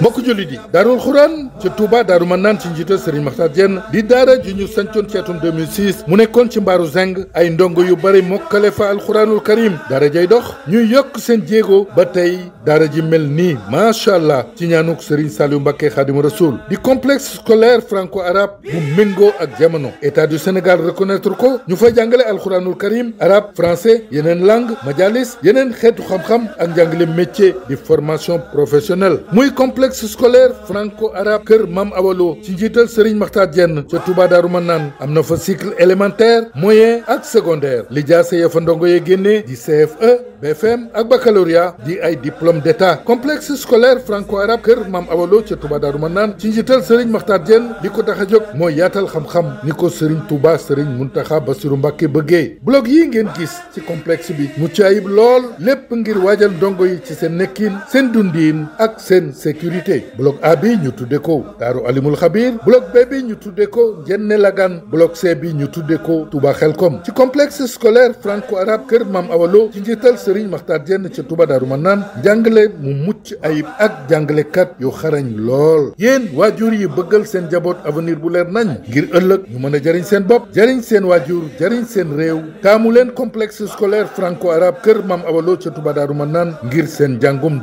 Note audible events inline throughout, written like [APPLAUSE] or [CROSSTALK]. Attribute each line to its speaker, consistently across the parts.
Speaker 1: mbokk jullit yi daarul xuraan ci Touba daaru mën naan ci njiital Serigne Makhtar Diène di daara ji ñu sancoon ci atum 2006 mu nekkoon ci mbaaru zeng ay ndongo yu bëri mokkale fa alxuraanul karim daara jay dox ñuy yokk seen jéego ba tey daara ji mel nii macha allah ci ñaanuk Serigne Saliou Mbacké Khadimou Rassoul di complexe scolaire franco arabe mu méngoo ak jamono état du Sénégal reconnaître ko ñu fay jàngale alxuraanul karim arabe français yeneen langue majalis yeneen xeetu xam ak njàngale métier di formation complexe scolaire franco-arabe kër Mam Awalo ci njiital Serigne Makhtar Diène ca Touba Darou Manane am na fa cycle élémentaire moyen ak secondaire lijaase ya fa ndongo ye génne di CFE BFM ak baccalauréat di ay diplôme d'état complexe scolaire franco-arabe kër Mam Awalo ca Touba Darou Manane ci njiital Serigne Makhtar Diène di ko tax a jóg mooy yaatal xam-xam ni ko Serigne Touba Serigne Mountakha Bassirou Mbacké bëggee blog yi ngeen gis ci complexe bi mucc ayib lool sécurité bloc A ñu tuddee ko Daaru Alimul Xabir bloc B bi ñu tuddee ko Njenne Lagan bloc C bi ñu tuddee ko Touba kom ci complexe scolaire franco-arabe Kër Mam Awalo ci njiital Serigne Makhtar Diène ca Touba Daaru Manaan jàngale mu mucc ayib ak jàngalekat yu xarañ lool yéen waajur yi bëggal seen jaboot avenir bu leer nañ ngir ëllëg ñu mën a jëriñ seen bopp jëriñ seen waajur jëriñ seen réew taamu leen complexe scolaire franco-arabe Kër Mam Awalo ca Touba Daaru Manaan ngir seen doom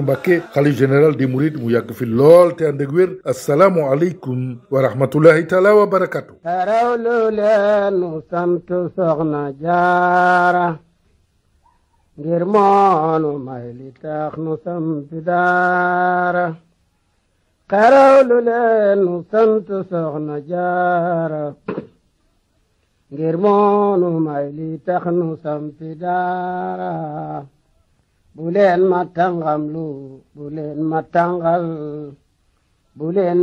Speaker 1: Bassirou Mbacké xalif général des Mourides
Speaker 2: mu jaara ngir moonu nu sampi daara tarawlu jaara bu leen ma tàngamlu bu leen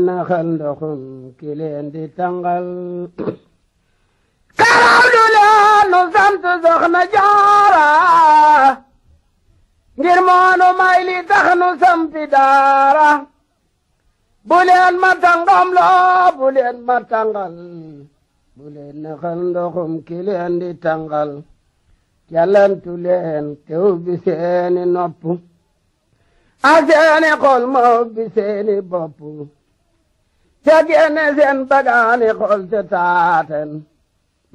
Speaker 2: ma ndoxum ki di tàngal karaw du leen nu sant soxna jaara ngir moonu may tax nu sampi daara bu ma tàngamlu bu leen ma tàngal bu leen naxal ndoxum ki di tàngal jalantu leen tew bi seeni nopp ak seeni xol ma ubbi seeni bopp te génne seen bagaani xol te taaten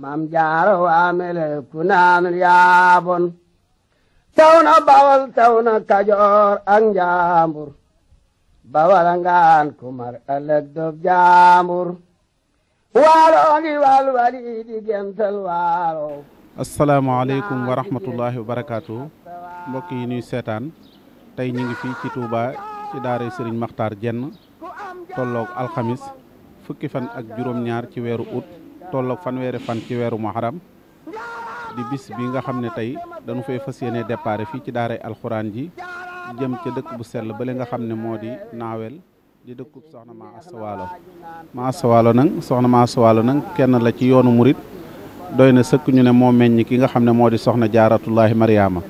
Speaker 2: mam jaara waamele ku naan yaabon taw na bawal kajoor ak njaambur bawal a ku mar ëllëg dob jaambur waalo ngi wal wali di gental
Speaker 3: asalaamaaleykum wa rahmatullahi wa barakaatu mbokk yi nuy seetaan tey ñu ngi fii ci tuubaa ci daara sëriñ Makhtar Diène tolloog alxamis fukki fan ak juróom-ñaar ci weeru août tolloog fanweeri fan ci weeru muharram di bis bi nga xam ne tey dañu fay fas yéene départ fii ci daaray alxuraan ji jëm ca dëkk bu sell bali nga xam ne moo di naawel di dëkkub soxna ma asawaalo ma asawaalo nag soxna ma asawaalo nag kenn la ci yoonu murit doy na sëkk ñu ne moo meññ ki nga xam ne moo di soxna jaaratullaahi mariama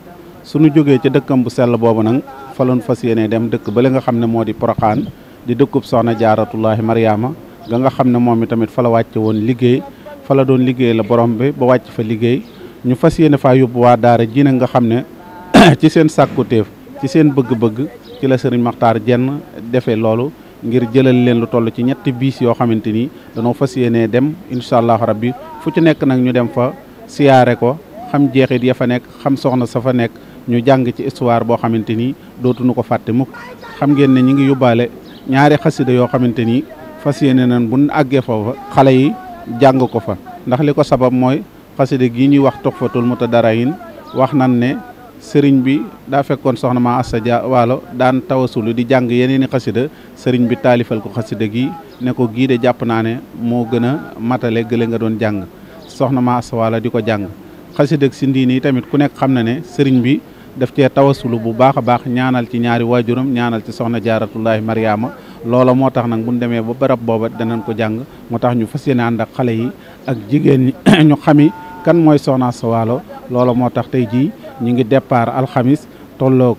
Speaker 3: suñu jógee ca dëkkam bu sell boobu nag faloon fas yéene dem dëkk ba li nga xam ne moo di poroxaan di dëkkub soxna jaaratullaahi mariama ga nga xam ne moom i tamit fa la wàcce woon liggéey fa la doon liggéey la borom bi ba wàcc fa liggéey ñu fas yéene faa yóbbu waa daara ji nga xam ne [COUGHS] ci seen sàkkuteef ci seen bëgg-bëgg ci la sëriñ Maxtaar jenn defee loolu ngir jëlal leen lu toll ci ñetti biis yoo xamante ni danoo fas yéenee dem incha allah rabbi fu ci nekk nag ñu dem fa siyaare ko xam jeexit ya fa nekk xam soxna sa fa nekk ñu jàng ci histoire boo xamante ni dootuñu ko fàtte mukk xam ngeen ne ñu ngi yóbbaale ñaari xasida yoo xamante ni fas yéene nan bu àggee foofa xale yi jàng ko fa ndax li ko sabab mooy xasida gii ñuy wax Tuhfatul Mutadarayin wax nan ne sëriñ bi daa fekkoon soxna maa Assa Dia waalo daan tawasulu di jàng yeneen i xasida sëriñ bi taalifal ko xasida gi ne ko gii de jàpp naa ne moo gën a matale gële nga doon jàng soxna maa Assa waalo di ko jàng xasida si ndiini tamit ku nekk xam na ne sëriñ bi def cee tawa sulu bu baax a baax ñaanal ci ñaari waajuram ñaanal ci soxna jaaratullahi Mariama loolo moo tax nag bu ñu demee ba barab booba danañ ko jàng moo tax ñu fas yéene ànd ak xale yi ak jigéen ñi [COUGHS] ñu kan mooy soxna Assa waalo moo tax tey jii ñu ngi départ alxamis tolloog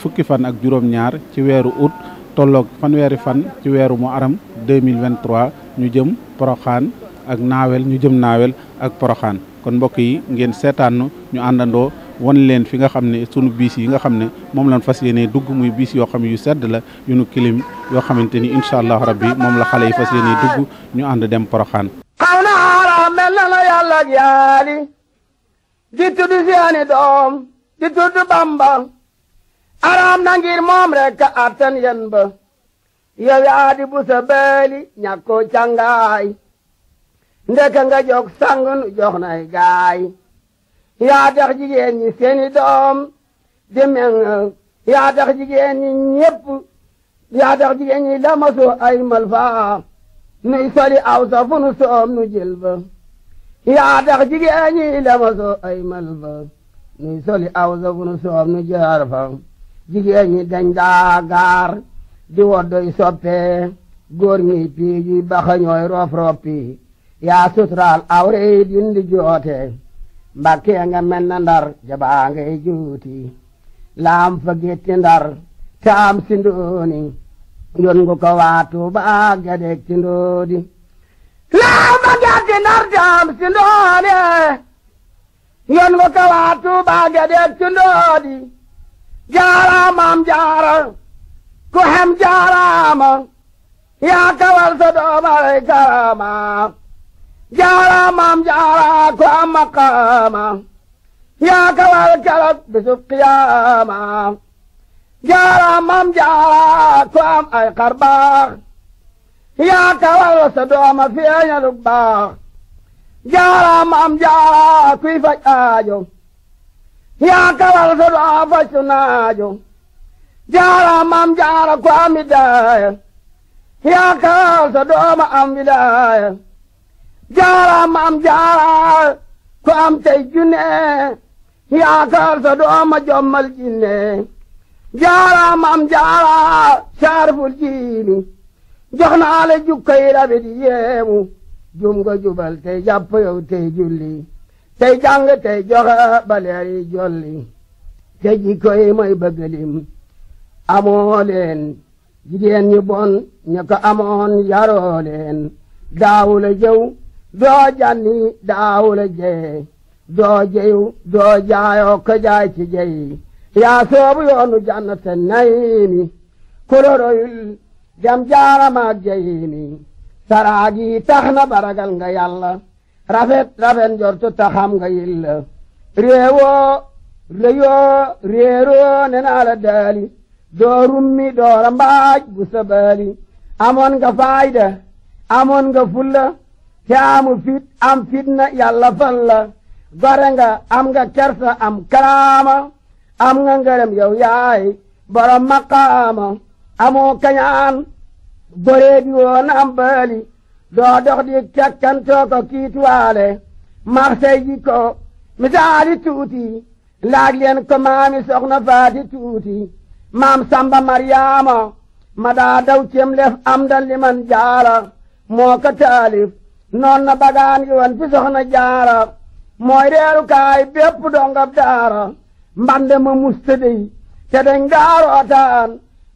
Speaker 3: fukki fan ak juróom-ñaar ci weeru août tolloog fanweeri fan ci weeru mu aram 2023 ñu jëm poroxaan ak naawel ñu jëm naawel ak poroxaan kon mbokk yi ngeen seetaannu ñu àndandoo wan leen fi nga xam ne sunu biis yi nga xam ne moom leen fas yéenee dugg muy biis yoo xam ne yu sedd la yu nu kilim yoo xamante ni incha allah rabbi moom la xale yi fas yéenee dugg ñu ànd dem poroxaan
Speaker 2: xaw na xaaraa mel na la yàlla jaali di tudd seeni doom di tudd bamba araam na moom rekk attan yen ba yow yaa di bu sa beeli ñàkkoo cangaay ndeka nga jog sang nu jox nay gaay yaa tax jigéen seeni doom di meŋ yaa tax jigéen ñi ñépp yaa tax jigéen ñi lamasoo ay malfaa nuy soli aw sa fu soom nu jël ba yaa tax jigéen ñi dama ay mal nuy soli aw sa fu soob nu jaar fa jigéen ñi dañ daa gaar di woddoy soppee góor ñi pii juy baxa roppi yaa suturaal aw reyit yun joote mbakkee nga mel na ndar jabaa ngay juuti laam fa gétti ndar te si ndooni yoon ngu ko waa tuubaa gedeg ci ndoodi laaw ba gerte nar am si ndoone nga ko waa Tuuba gëdëg ci ndoodi jaaraamam jaara ku xam jaaraama yaa kawal sa doomaray karama jaaraamam jaara ku am maqaama yaa kawal keroog bisub qiyaama jaaraamam jaara ku am ay xarbaax yaakaar la sa doom feeñal baax jaara maam jaara kuy faj aajo yaakaar la sa doom faj su naajo jaara ku am widaaya yaakaar sa doom am sa doom jommal jinne jaara maam jaara saarful jiini jox naa la jukka yi rafet jum nga jubal tey jàpp yow tey julli tey jàng tey joxe ba jolli te jikko yi mooy bëgg lim amoo ñu bon ña ko amoon yaroo leen daawu doo janni daawu la doo jeyu doo jaayoo jaay ci jeyi yaa soobu yoonu jannata nayimi koloroyul jam jaaramaak jayini saraag yi tax na baragal nga yàlla rafet rafet njortu taxam nga yilla réewoo réyoo réeroo ne naa la daali doo doora mbaaj bu sabaali amoon nga faayda amoon nga fulla te amu fit am fitna yàlla fal gore nga am nga kersa am karaama am nga ngërëm yow yaay borom maqaama amoo kañaan goree bi woon am bëli doo dox di cakkantoo ko kiituwaale marsey ji misaali tuuti laaj leen ko maami soxna faati tuuti maam samba maryaama ma daa cem lef am dan li jaara moo ko taalif noon na bagaan woon fi soxna jaara mooy reeru kaay bépp dongab daara mbande ma musta te dañ daarootaan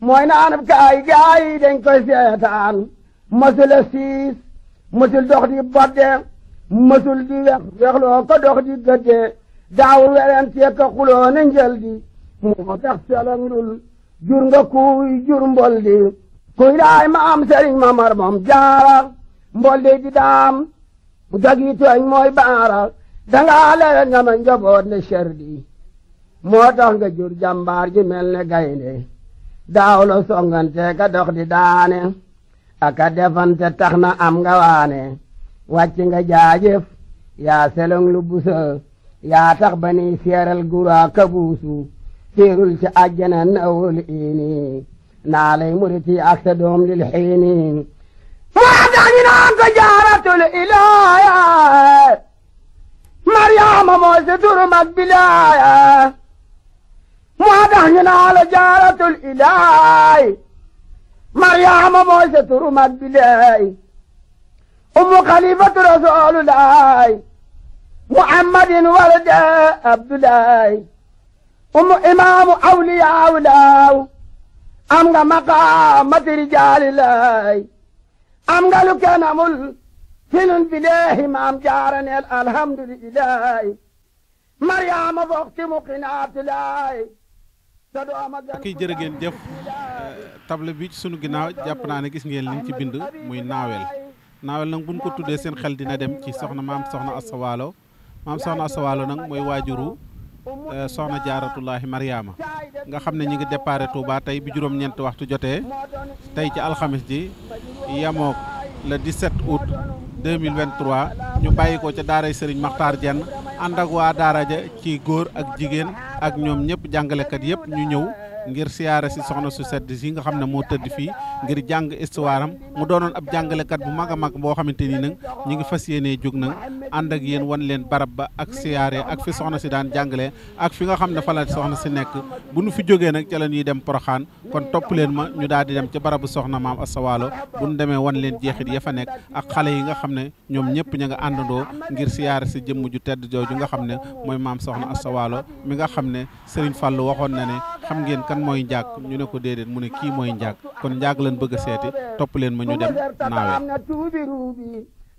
Speaker 2: mooy naanab kaay gaa yi dañ seetaan mësul a siis mësul dox di bodde mësul di wex wexloo ko di gëdde daawul werante ko xuloo na njël di moo tax selong dul jur nga kuy jur mbol di kuy daay ma am sëriñ mamar moom jaara mbol di di daam jogi tooñ mooy baara dangaa lewe nga ma njaboot ne cher di moo tax nga jur jàmbaar ji mel ne gaynde daaw la songante ka dox di daane aka defante tax na am nga waane wàcc nga jaajëf yaa selong lu busa yaa tax ba ni seeral guraa ka buusu séerul ci àjjana nawul iini naa lay muriti ak sa doom lil xiini moo tax ñu jaaratul ilaaya maryaama moo turu mag bilaaya moo tax ñu la jaaratul ilaay maryaama mooy sa turu mag bi lay ummu xalifatu rasulullaay muhammadin walde abdulaay imaamu awliyaaw laaw am nga maqaamati rijaali am nga lu kenn amul bileehi maam jaaraneel alhamdulilaay maryaama bokk ci muqinaatu laay
Speaker 3: ak i jërë jëf eh, table bi sunu ginnaaw jàpp naa ne gis ngeen liñ ci bind muy naawel naawel nag buñ ko tuddee seen xel dina dem ci soxna maam soxna Asta Walo maam soxna Asta nag mooy waajuru eh, soxna jaaratullaahi Mariama nga xam ne ñu ngi déparé Touba tey bi juróom-ñeent waxtu jotee tey ci alxamis ji yamook le 17 août 2023 ñu bàyyi ko ca daaray Serigne Makhtar Diène ànd ak waa daara ci góor ak jigéen ak ñoom ñëpp jàngalekat yëpp ñu ñëw ngir siyaare si soxna su sedd si nga xam ne moo tëdd fii ngir jàng histoire mu doonoon ab jàngalekat bu mag a mag boo xamante ni nag ñu ngi fas yéenee jóg nag ànd ak yéen wan leen barab ba ak siyaare ak fi soxna si daan jàngalee ak fi nga xam ne fa la soxna si nekk bu nu fi jógee nag ca ñuy dem Poroxaan kon topp leen ma ñu daal di dem ca barabu soxna maam Asawaalo bu nu demee wan leen jeexit ya fa nekk ak xale yi nga xam ne ñoom ñëpp ña nga àndandoo ngir siyaare si jëmm ju tedd jooju nga xam ne mooy maam soxna Asawaalo mi nga xam ne Serigne Fallou waxoon na kan mooy njaag ñu ne ko déedéet mu ne kii mooy njaag kon njaag lan bëgg a seeti topp leen ma ñu dem naawel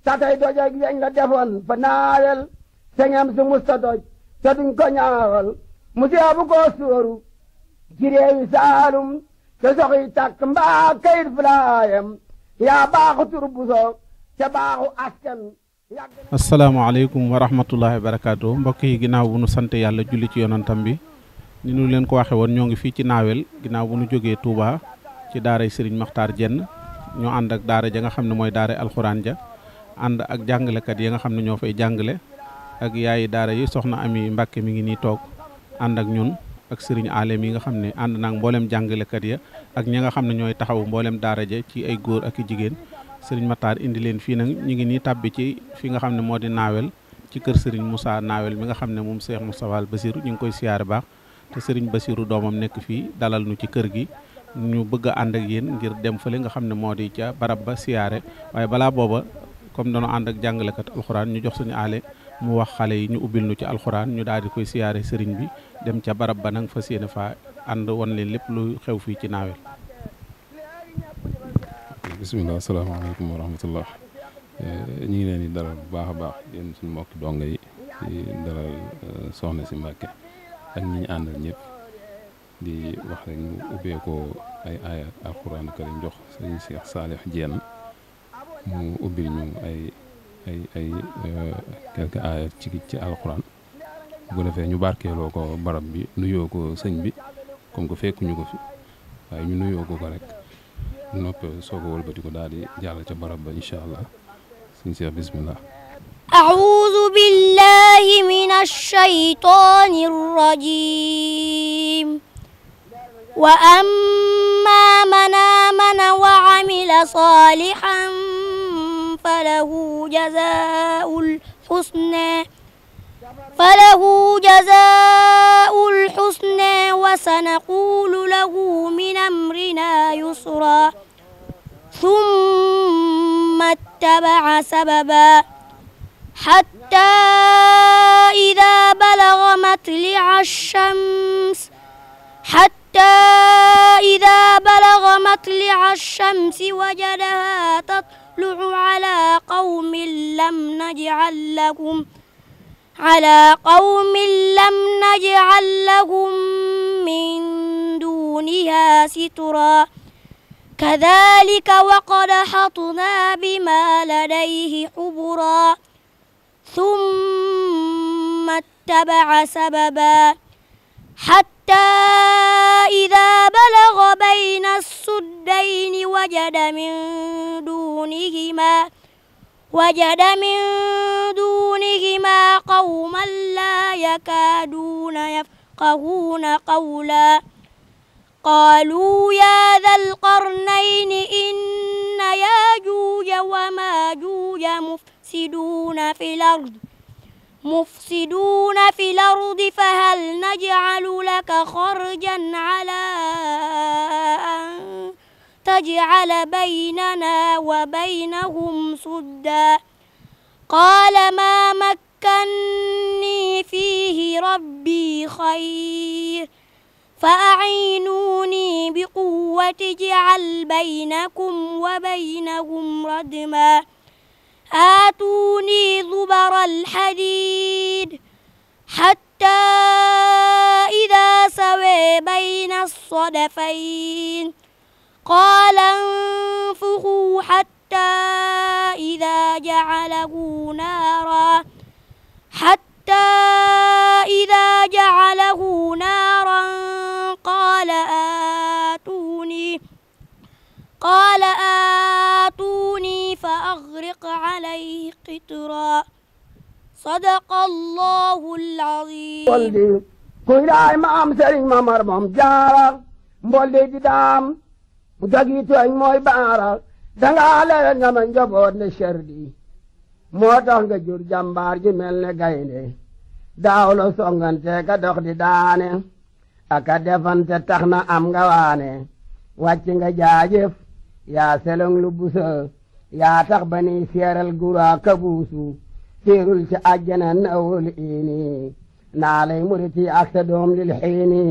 Speaker 2: sa tey doj ak yeñ la defoon fa naawel señam su musta doj te duñ ko ñaawal musiba bu ko sóoru jiréewi saalum te soxi takk mbaa kayit fulaayam yaa baaxu tur bu so te baaxu askan
Speaker 3: asalaamaaleykum wa rahmatullahi barakaatu mbokk yi ginnaaw bu nu sant yàlla julli ci yonantam bi ni ñu leen ko waxe woon ñoo ngi fii ci naawel ginnaaw bu ñu jógee Touba ci daaray Serigne maxtaar jenn ñoo ànd ak daara ja nga xam ne mooy daara alxuraan ja ànd ak jàngalekat ya nga xam ne ñoo fay jàngale ak yaayi daara yi soxna Ami Mbàkke mi ngi nii toog ànd ak ñun ak Serigne Ale mi nga xam ne ànd ak mboolem jàngalekat ya ak ñi nga xam ne ñooy taxawu mboolem daara ja ci ay góor ak i jigéen Serigne Makhtar indi leen fii nag ñu ngi nii tàbbi ci fi nga xam ne moo di naawel ci kër Serigne Moussa naawel mi nga xam ne moom Cheikh Moustapha Bassirou ñu ngi koy siyaare baax te Serigne basiiru doomam nekk fii dalal nu ci kër gi ñu bëgg a ànd ak yéen ngir dem fële nga xam ne moo di ca barab ba siyaare waaye balaa booba comme dañoo ànd ak jàngalekat alxuraan ñu jox suñu aale mu wax xale yi ñu ubbil nu ci alxuraan ñu daal di koy siyaare sëriñ bi dem ca barab ba nag fa yéene fa ànd wan leen lépp lu xew fii ci naawel
Speaker 4: bisimilah asalaamaaleykum wa rahmatullah eh, ñu ngi leen di bu baax a baax yéen suñu mbokki yi eh, soxna si Mbàkke ak ñi ñu àndal ñëpp di wax rek ñu ubbeekoo ay aaya alxuraan jox sëriñ Cheikh Saalix Jeen mu ubbil ñu ay ay ay euh, quelque aaya ci ci alxuraan bu defee ñu barkeeloo ko barab bi nuyoo ko sëñ bi comme que fekkuñu ko fi waaye ñu nuyoo ko ko rek nopp soog a wëlbati ko daal di jàll ca barab ba incha allah suñ Cheikh bismillah
Speaker 5: أعوذ بالله من الشيطان الرجيم وأما من آمن وعمل صالحا فله جزاء الحسنى فله جزاء الحسنى وسنقول له من أمرنا يسرا ثم اتبع سببا حتى إذا بلغ مطلع الشمس حتى إذا بلغ مطلع الشمس وجدها تطلع على قوم لم نجعل لكم على قوم لم نجعل لهم من دونها سترا كذلك وقد حطنا بما لديه حبرا ثم اتبع سببا حتى إذا بلغ بين السدين وجد من دونهما وجد من دونهما قوما لا يكادون يفقهون قولا قالوا يا ذا القرنين إن ياجوج وماجوج مفترون يفسدون في الأرض مفسدون في الأرض فهل نجعل لك خرجا على أن تجعل بيننا وبينهم سدا قال ما مكني فيه ربي خير فأعينوني بقوة اجعل بينكم وبينهم ردما آتوني زبر الحديد حتى إذا سوي بين الصدفين قال انفخوا حتى إذا جعله نارا حتى إذا جعله نارا قال آتوني قال آتوني قطرا صدق الله العظيم mboldi
Speaker 2: kuy raay maam Sëriñ Mamar moom jaara mboldi di daam bu jagi tooñ baara danga lewe nga ma njaboot ne sherdi moo tax nga jur jàmbaar ji mel ne gaynde daaw la songante ka dox di daane aka defante tax na am nga waane wàcc nga jaajëf yaa selong lu busa yaa tax ba ni seeral guraa kabuusu séerul ci àjjana na awul iini naa lay muriti ak sa doom lil xiini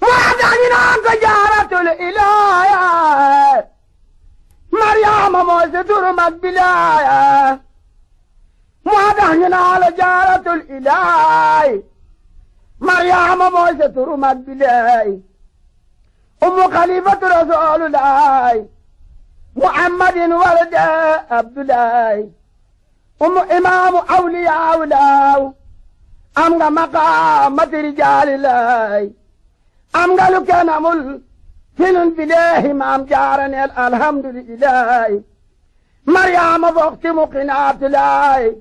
Speaker 2: moo tax ñu naan ko jaaratul ilaaya maryaama mooy si turu mag bilaaya moo tax ñu naan la jaaratul ilaay maryaama mooy si turu mag bilaay umu xalifatu rasulullaay محمد ولد عبد الله أم إمام أولياء الله أم مقامة رجال الله أم قالوا كان مل فيلن بليه ما أم جارني الحمد لله مريم بوقت مقنات الله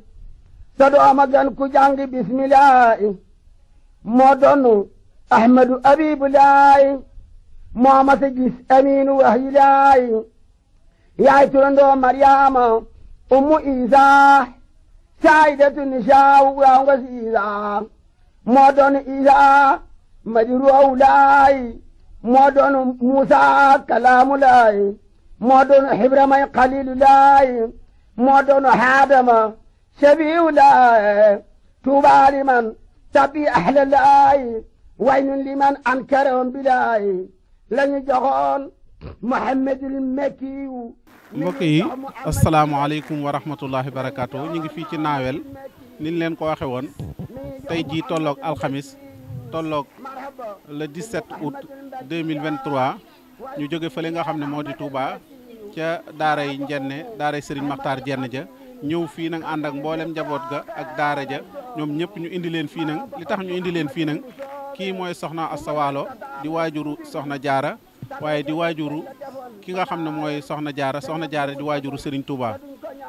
Speaker 2: سدو مدن كجانج بسم الله مدن أحمد أبيب الله محمد جس أمين وهي الله yaay turandoo maryaama ummu isa saayidatu nisaaw waawnga si isa moo doon isa majruwaw laay moo doon muusa kalaamu laay moo doon xibramay xaliilu laay moo doon xaadama shabiiw laay tuubaa liman tabbi ahla laay waynun liman ankarahum bilaay lañu joxoon muhammadul mekiyu mbokk yi
Speaker 3: asalaamaaleykum wa rahmatullahi barakaatu ñu ngi fii ci naawel niñ leen ko waxe woon tey jii tolloog alxamis tolloog le 17 août 2023 ñu jóge fële nga xam ne moo di Touba ca daaray Njenne daaray Serigne maxtaar Jenn ja ñëw fii nag ànd ak mboolem njaboot ga ak daara ja ñoom ñëpp ñu indi leen fii nag li tax ñu indi leen fii nag kii mooy soxna Asawaalo di waajuru soxna Jaara waaye di waajuru ki nga xam ne mooy soxna jaara soxna jaara di waajuru Serigne Touba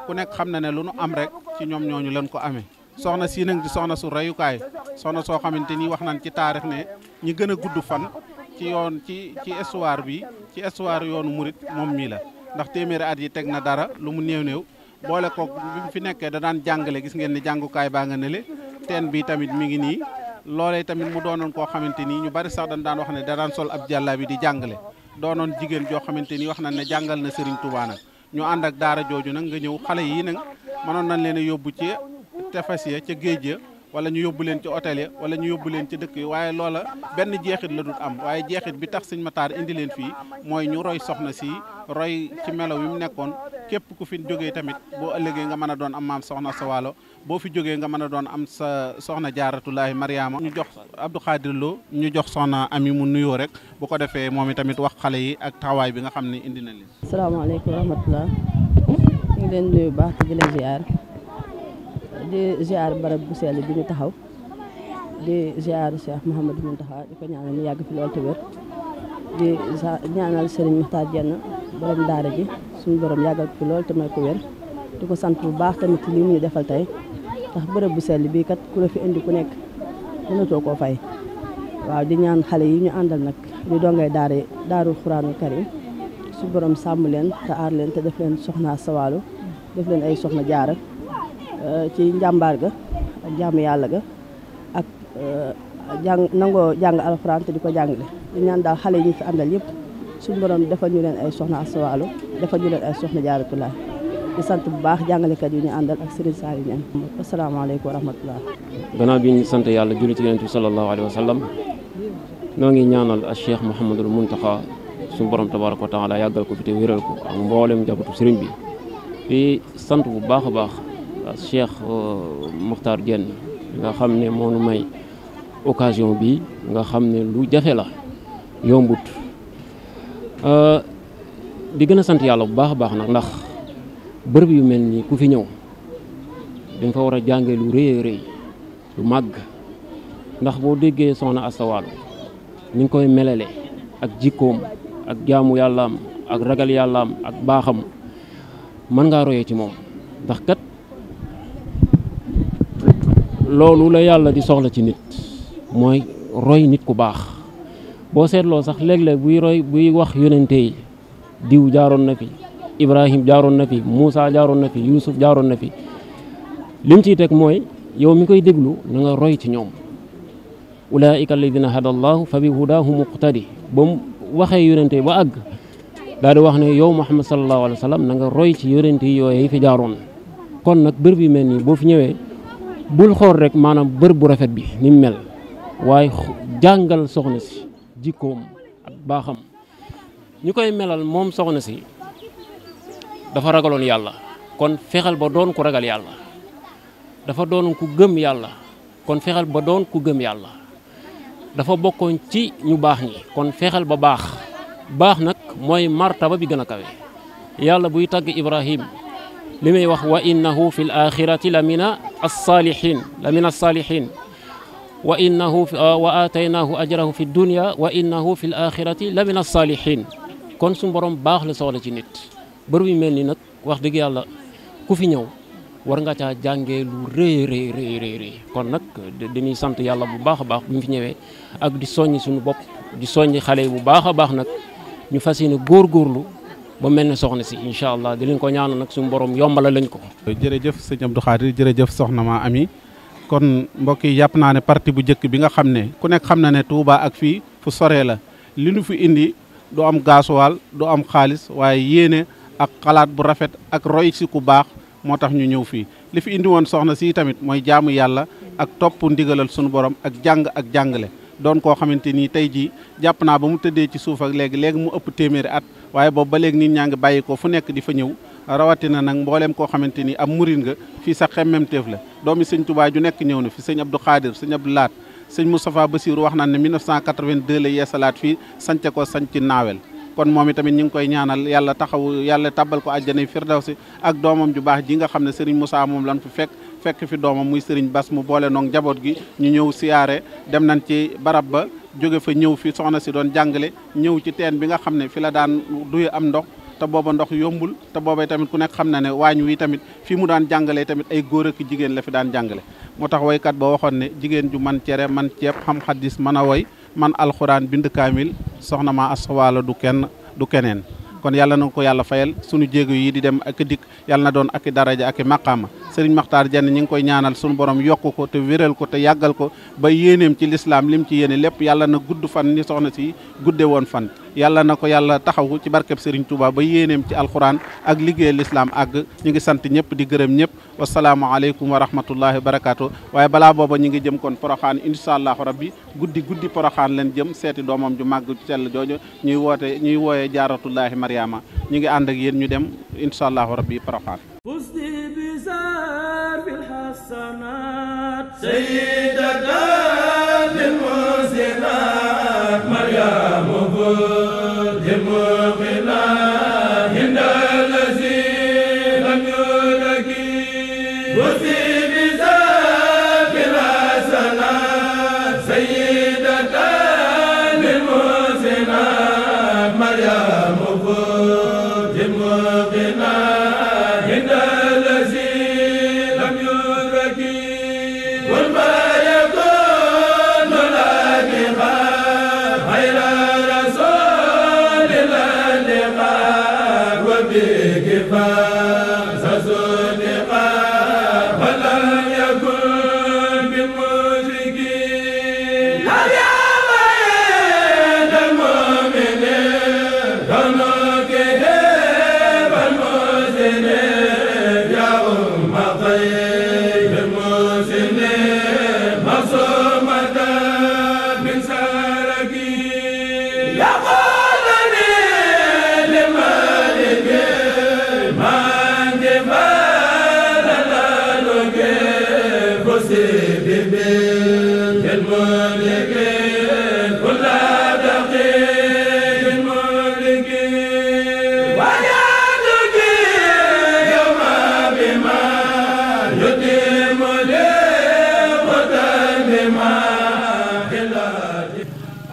Speaker 3: ku nekk xam na ne lu nu am rek ci ñoom ñooñu lañ ko amee soxna sii nag di soxna su reyukaay soxna soo xamante ni wax nañ ci taarix ne ñi gën a gudd fan ci yoon ci ci histoire bi ci histoire yoonu murit moom mii la ndax téeméeri at yi teg na dara lu mu néew neew boole ko bi mu fi nekkee da daan jàngale gis ngeen ni jàngukaay baa nga nele teen bii tamit mi ngi nii loolee tamit mu doonoon koo xamante ni ñu bari sax dañ daan wax ne daraan sol ab jàllaa bi di jàngale doonoon jigéen joo xamante ni wax nañ ne jàngal na Serigne Touba ñu ànd ak daara jooju nag nga ñëw xale yi nag manoon nañ leen a yóbbu ci tefes ya ca géej ya wala ñu yóbbu leen ci hôtel ya wala ñu yóbbu leen ci dëkk yi waaye loola benn jeexit la dul am waaye jeexit bi tax sëñ Matar indi leen fii mooy ñu roy soxna si roy ci melow yi mu nekkoon képp ku fi jógee tamit boo ëllëgee nga mën a doon am soxna sa waalo boo fi jógee nga mën a doon am sa soxna jaaratulaahi Mariama ñu jox Abdou Khadir Lo ñu jox soxna ami mu nuyoo rek bu ko defee moom i tamit wax xale yi ak taxawaay bi nga xam ne indi na leen. asalaamaaleykum wa
Speaker 2: rahmatulah ñu leen nuyu baax di ziar barab bu sell bi ñu taxaw di ziar Cheikh Mouhamadou Mountakha di ko ñaanal mu yàgg fi lool te wér di ñaanal Serigne Makhtar Diène borom daara ji suñu borom yàggal fi lool te may ko wér di ko sant bu baax tamit lii mu ñu defal tey tax bërëb bu selli bii kat ku la fi indi ku nekk mënatoo koo fay waaw di ñaan xale yi ñu àndal nag di dongay daara daaru xuraanu karim su borom sàmm leen te aar leen te def leen soxna sawaalo def leen ay soxna jaara Euh, ci njàmbaar ga ak jaamu yàlla ga ak euh, jàng nangoo jàng alxuraan te di ko jàngale di ñaan daal xale yi ñu fi àndal yëpp suñu borom defal ñu leen ay soxna asawaalu defal ñu leen ay soxna jaaratulaay di sant bu baax jàngalekat yu ñu àndal ak Serigne Saliou Niang asalaamaaleykum
Speaker 6: bi ñu sant yàlla julli ci yonent bi sallallahu alayhi wa sallam noo ngi ñaanal ak Cheikh Mouhamadul Mountakha suñu borom tabaraka wa ko fi te wéral ko ak mboolem sant bu baax baax Cheikh euh, Mokhtar Diène nga xam ne moo nu may occasion bi nga xam ne lu jafe la yombut euh, di gën a sant yàlla bu baax a baax nag ndax bërëb yu mel nii ku fi ñëw dañ fa war a jàngee lu rëy rëy lu màgg ndax boo déggee soxna Asta Walo ni koy melale ak jikkoom ak jaamu yàllaam ak ragal yàllaam ak baaxam mën ngaa royee ci moom ndax kat loolu la yàlla di soxla ci nit mooy roy nit ku baax boo seetloo sax léeg-léeg buy roy buy wax yonente yi diw jaaroon na fi Ibrahim jaaroon na fi Moussa jaaroon na fi Youssouf jaaroon na fi lim ciy teg mooy yow mi koy déglu na nga roy ci ñoom ulaika alladina hada allahu fa bi hudahu muqtadi ba mu waxee yonente yi ba àgg daal di wax ne yow Muhammad sallallahu alayhi wa sallam na nga roy ci yonente yi yooyu fi jaaroon kon nag bër bi mel nii boo fi ñëwee bul xool rek maanaam bër bu rafet bi ni mu mel waaye jàngal soxna si jikkoom ak baaxam ñu koy melal moom soxna si dafa ragaloon yàlla kon fexeel ba doon ku ragal yàlla dafa doon ku gëm yàlla kon fexeel ba doon ku gëm yàlla dafa bokkoon ci ñu baax ñi kon fexeel ba baax baax nag mooy martaba bi gën a kawe yàlla buy tàgg Ibrahim li muy wax wa innahu fi l la mina alsaalihin la mina alsaalihin wa innahu ah, wa aataynaahu ajrahu fi dunia wa innahu fi l axirati la mina alsaalihin kon suñu borom baax la soxla ci nit bërëb yu mel ni nag wax dëgg yàlla ku fi ñëw war nga ca jàngee lu rëy rëy rëy kon nag dañuy sant yàlla bu baax a baax bu ñu fi ñëwee ak di soññ suñu bopp di soñ xale yi bu baax a baax nag ñu fas yéene góorgóorlu ba mel ne soxna si incha allah di leen ko ñaanal nag suñu borom yombala lañ ko. jërëjëf sëñ Abdou
Speaker 3: Khadir jërëjëf soxna ma ami kon mbokk yi jàpp naa ne parti bu njëkk bi nga xam ne ku nekk xam na ne Touba ak fii fu soree la li nu fi indi du am gaasuwaal du am xaalis waaye yéene ak xalaat bu rafet ak roysi ku baax moo tax ñu ñëw fii. li fi indi woon soxna sii tamit mooy jaamu yàlla ak topp ndigalal suñu borom ak jàng ak jàngale doon koo xamante ni tey jii jàpp naa ba mu tëddee ci suuf ak léegi léegi mu ëpp téeméeri at. waaye boobu ba léegi nit ñaa ngi bàyyi ko fu nekk di fa ñëw rawatina nag mbooleem koo xamante ni am murit nga fii sax xemmemteef la doomi sëñ Tuubaa ju nekk ñëw na fi sëñ Abdou Khadir sëñ Abdou Laat sëñ mu Moustapha Bassirou wax naan ne 1982 la yeesalaat fii sance ko sanc naawel kon moom tamit ñu ngi koy ñaanal yàlla taxaw yàlla tabbal ko àjjanay si ak doomam ju baax ji nga xam ne sëriñ musa moom lan fi fekk fekk fi doomam muy sëriñ Bas mu boole noog njaboot gi ñu ñëw siyaare dem nañ ci barab ba jóge fa ñëw fi soxna si doon jàngale ñëw ci teen bi nga xam ne fi la daan duy am ndox te booba ndox yombul te booba tamit ku nek xam na ne waañ wi tamit fi mu daan jàngalee tamit ay góor ak jigéen la fi daan jàngale moo tax woykat ba waxoon ne jigéen ju man cere man ceeb xam xadis man a woy man alxuraan bind kaamil soxna ma aswaala du kenn du keneen kon yàlla na ko yàlla fayal sunu jéego yi di dem ak dikk yàlla na doon ak daraja ak maqaama sëriñ Maxtaar Jenn ñi ngi koy ñaanal sunu borom yokk ko te wéral ko te yàggal ko ba yéeneem ci lislaam lim ci yéene lépp yàlla na gudd fan ni soxna si gudde woon fan yàlla na ko yàlla taxawu ci barkeb Serigne Touba ba yéeneem ci alxuraan ak liggéey lislaam àgg ñu ngi sant ñëpp di gërëm ñëpp wasalaamualeykum wa rahmatullahi wa barakaatu waaye balaa booba ñu ngi jëm kon poroxaan incha allahu rabbi guddi guddi poroxaan leen jëm seeti doomam ju màgg sell jooju ñuy woote ñuy wooyee jaaratullahi mariama ñu ngi ànd ak yéen ñu dem incha allahu rabbi poroxaan
Speaker 7: سيدنا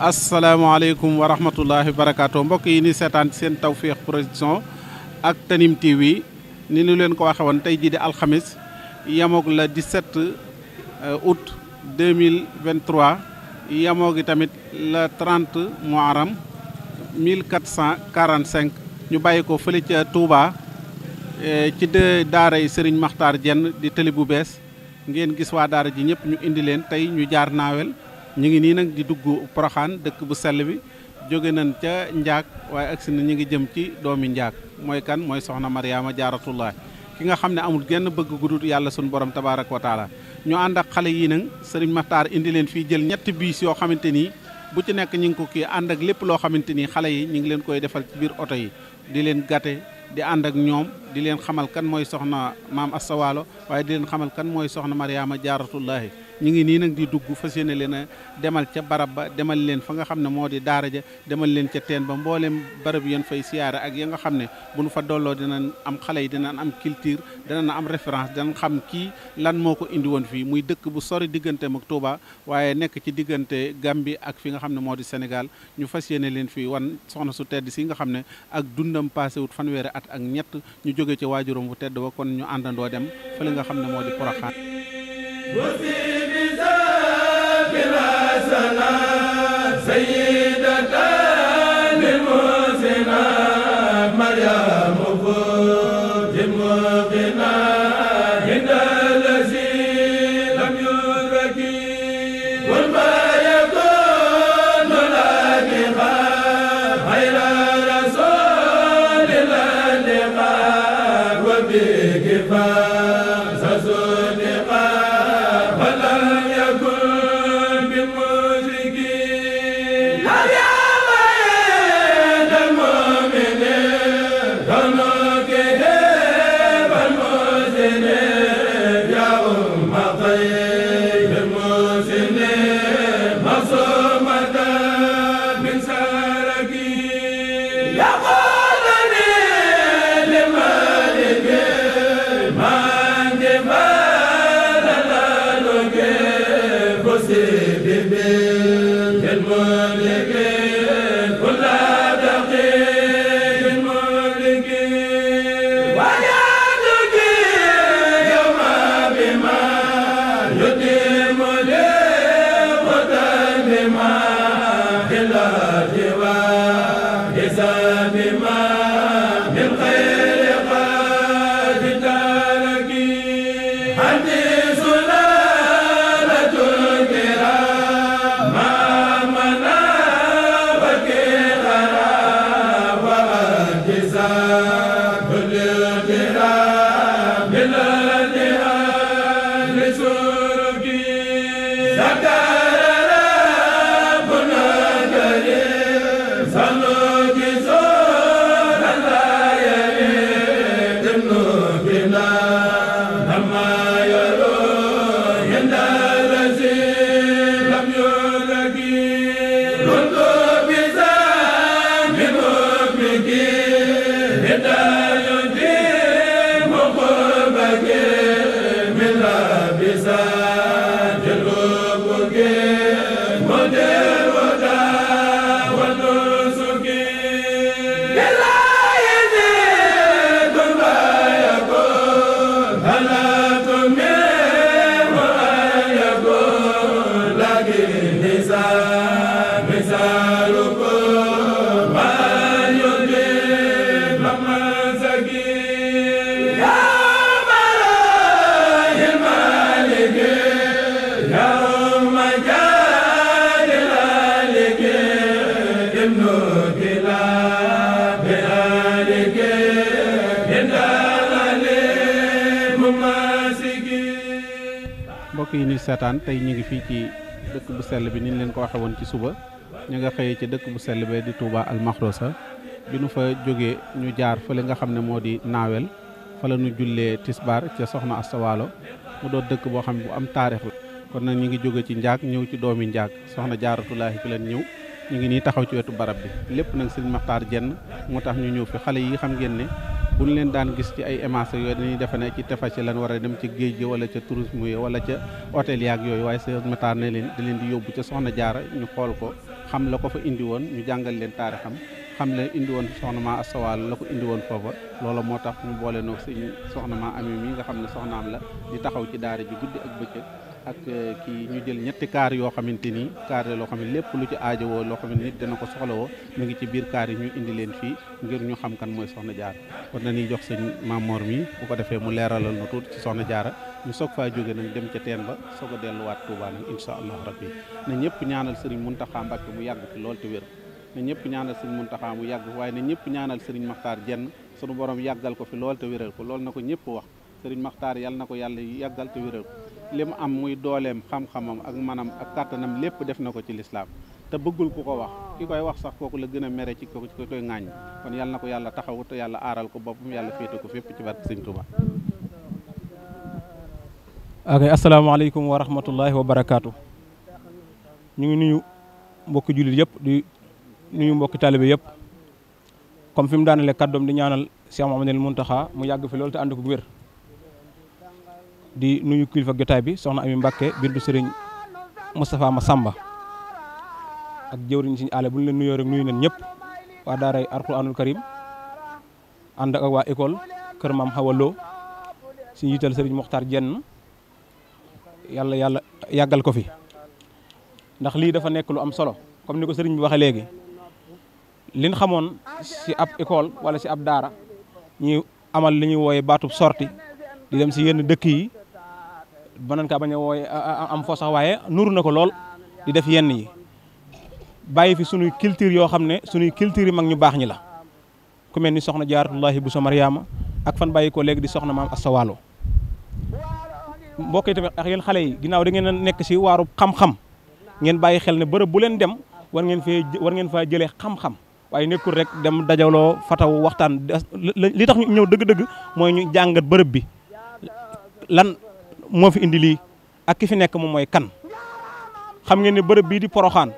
Speaker 3: asalaamaaleykum wa rahmatullahi wa mbokk yi ni seetaan seen Tawfekh Production ak Tanim TV ni ñu leen ko waxe woon tey jii di alxamis yemoog la 17 Euh, août deux mille vingt trois yamoo gi tamit la trente muharram mille quatre quarante cinq ñu bàyyi ko fële ca Touba euh, ci de daara yi Serigne Makhtar jenn di tëli bu bees ngeen gis waa daara ji ñëpp ñu indi leen tey ñu jaar naawel ñu ngi nii nag di dugg Poroxaan dëkk bu sell bi jóge nañ ca njaag waaye agsi na ñu ngi jëm ci doomi Njaak mooy kan mooy soxna Mariama Jaaratullaah ki nga xam ne amul genn bëgg gudut yàlla sunu borom tabaaraka wa taala ñu ànd ak xale yii nag sëriñ Maxtaar indi leen fii jël ñetti biis yoo xamante ni bu ci nekk ñu ngi ko kii ànd ak lépp loo xamante ni xale yi ñu ngi leen koy defal ci biir oto yi di leen gate di ànd ak ñoom di leen xamal kan mooy soxna maam Asawaalo waaye di leen xamal kan mooy soxna Mariama Jaaratullaahi ñu ngi nii nag di dugg fas yéene leen a demal ca barab ba demal leen fa nga xam ne moo di daara ja demal leen ca teen ba mbooleem barab yan fay siyaara ak ya nga xam ne bu nu fa dolloo dinañ am xale yi dinañ am culture dinañ am référence dinañ xam kii lan moo ko indi woon fii muy dëkk bu sori diggante mag Touba waaye nekk ci diggante bi ak fi nga xam ne moo di Sénégal ñu fas yéene leen fii wan soxna su tedd si nga xam ne ak dundam passé wut fanweeri at ak ñett ñu jóge ci waajuram bu tedd ba kon ñu àndandoo dem fa nga xam ne moo di Porokhane
Speaker 7: حسنات سيئات
Speaker 3: seetaan tey ñu ngi fii ci dëkk bu sell bi ni leen ko waxee woon ci suba ñu nga xëyee ci dëkk bu sell bee di Touba Almaxrosa bi nu fa jóge ñu jaar fële nga xam ne moo di naawel fa la ñu jullee tisbaar ca soxna astawaalo mu doon dëkk boo xam ne bu am taarix la kon na ñu ngi jóge ci njaag ñëw ci doomi njaag soxna jaaratulaahi fi leen ñëw ñu ngi nii taxaw ci wetu barab bi lépp nag sëñ Maxtaar jenn moo tax ñu ñëw fi xale yi xam ngeen ne bu leen daan gis ci ay émence yooyu dañuy defe ne ci tefas yi lan war a dem ca géej gi wala ca tourisme yi wala ca hôtel yaag yooyu waaye Sëriñ Mataar ne leen di leen di yóbbu ca soxna jaara ñu xool ko xam la ko fa indi woon ñu jàngal leen taarixam xam xam la indi woon soxna ma asawaal la ko indi woon foofa loola moo tax ñu boole noo sëñ soxna ma amee mii nga xam ne soxnaam la di taxaw ci daara ji guddi ak bëccëg ak euh, kii ñu jël ñetti kaar yoo xamante ni kaar loo xam ne lépp lu ci woo loo xam ne nit dana ko soxlawoo mu ngi ci biir kaar yi ñu indi leen fii ngir ñu xam kan mooy soxna jaara kon dañuy jox sëñ Mamor mi bu ko defee mu leeralal na tuuti ci soxna jaara ñu soog faa jóge nag dem ca teen ba soog a delluwaat Touba nag incha allah rabbi na ñëpp ñaanal sëriñ Muntaxa Mbàkke mu yàgg fi lool te wér na ñëpp ñaanal sëriñ Muntaxa mu yàgg waaye na ñëpp ñaanal sëriñ Maxtaar Jenn sunu borom yàggal ko fi lool te ko loolu na ko ñëpp wax sëriñ Maxtaar na ko yàlla yàggal te li mu am muy dooleem xam-xamam ak manam ak kàttanam lépp def na ko ci lislaam te bëggul ku ko wax ki koy wax sax kooku la gën a mere ci ko ci koy ŋaañ kon yàlla na ko yàlla taxawu te yàlla aaral ko boppam yàlla féete ko fépp ci barke Sëñ Tuuba
Speaker 8: ok asalaamaaleykum wa rahmatullahi wa barakaatu ñu ngi nuyu mbokki jullit yëpp di nuyu mbokki taalibe yëpp comme fi mu daanale kàddoom di ñaanal Cheikh Mouhamadou Mountakha mu yàgg fi loolu te ànd ko wér di nuyu kilifa jotaay bi soxna am Ami Mbacke bintu Serigne ma sàmba ak jëwriñ Serigne Allé bu ñu leen nuyoo rek nuyu nañ ñëpp waa daaray Alxuraanul Karim ànd ak waa école kër maam Hawa Lo si njiital Serigne Mokhtar Jenn yàlla yàlla yàggal ko fi ndax lii dafa nekk lu am solo comme ni ko sëriñ bi waxee léegi liñ xamoon si ab école wala si ab daara ñuy amal li ñuy wooye baatub sorti di dem si yenn dëkk yi mënoon kaa bañ a wooye am foo sax waaye nuru na ko lool di def yenn yi bàyyi fi suñuy culture yoo xam ne suñuy culture yi mag ñu baax ñi la ku ni soxna jaaratullahi bu sa mariama ak fan bàyyi ko léegi di soxna maam asta waalo mbokk yi tamit ak yéen xale yi ginnaaw da ngeen nekk si waaru xam-xam ngeen bàyyi xel ne bërëb bu leen dem war ngeen fee war ngeen faa jëlee xam-xam waaye nekkul rek dem dajaloo fataw waxtaan li tax ñëw dëgg-dëgg mooy ñu jàngat bërëb bi moo fi indi lii ak ki fi nekk moom mooy kan xam ngeen ne bërëb bii di poroxaan